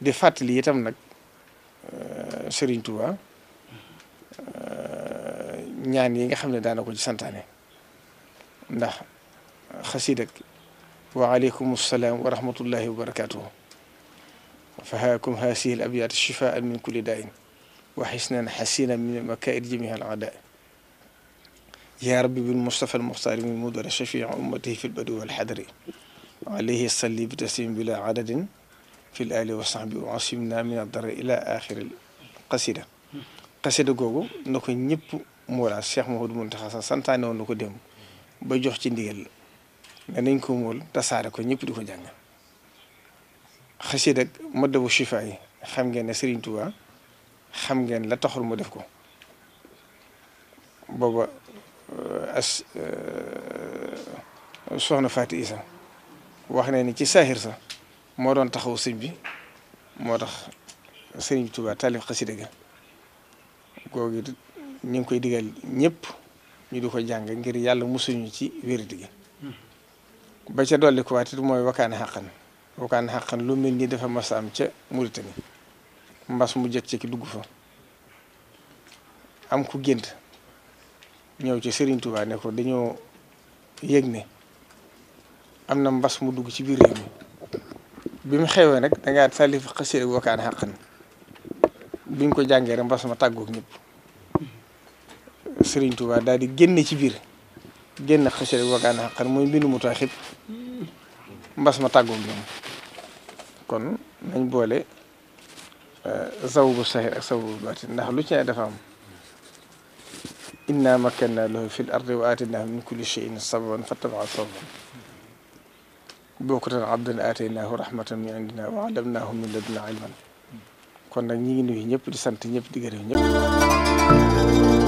di fàttali itam nag Serigne Touba ñaan yi nga xam ne daana ko ci santaane ndax xasida wa aleykum salaam wa rahmatullahi wa barakaatuhu fahaakum haasihi al abyaat shifaan min kulli daain wa xisnan xasinan min makaid jamiha al adaa yaa rabbi bil mustafa al muxtaari min mudar shafii ummatihi fi lbadi wal xadari alayhi salli bi taslim bila adadin في الآل وصحبه وعصمنا من الضر إلى آخر القصيدة قصيدة جوجو نكو نيب مورا الشيخ محمود منتخا سانتاني ونكو ديم با جوخ سي ديال نانين كو مول تاسارا كو نيب ديكو جانغ خسيدة مدو شفاي خم ген سيرين توبا خم ген لا تخول مو ديفكو بابا اس سوخنا فاتي عيسى واخنا ني سي ساهر سا moo doon taxaw sëñ bi moo tax sëriñ Tuubaa taalif xasida ga googu ñu ngi koy digal ñépp ñu du ko jàng ngir yàlla musuñu ci wérdi gi ba ca dolli ko waat mooy wakkaane xàqan wakkaane xàqan lu mel ni dafa mas am ca Mauritanie mbas mu jëkk ci dugg fa am ku gént ñëw ci sëriñ Tuubaa ne ko dañoo yëg ne am na mbas mu dugg ci biir réew mi بمخيوانك نقعد فالي في قصير وقع نحقن بينكو جانجر مباس ما تاقوك نيب سرين توبا دادي جنة كبير جنة قصير وقع نحقن موين بينو متاخب مباس ما تاقوك نيب كون نين بولي زاو بو سهر اكساو بو باتن نحو لوچنا دفعهم إنا مكنا له في الأرض وآتناه من كل شيء صبرا فاتبع صبرا bokkatan abdan aataynaahu rahmatan min indina wa allamnaahu min ladunna ilman kon nag ñi ngi nuyu ñëpp di sant ñëpp di gërëm ñëpp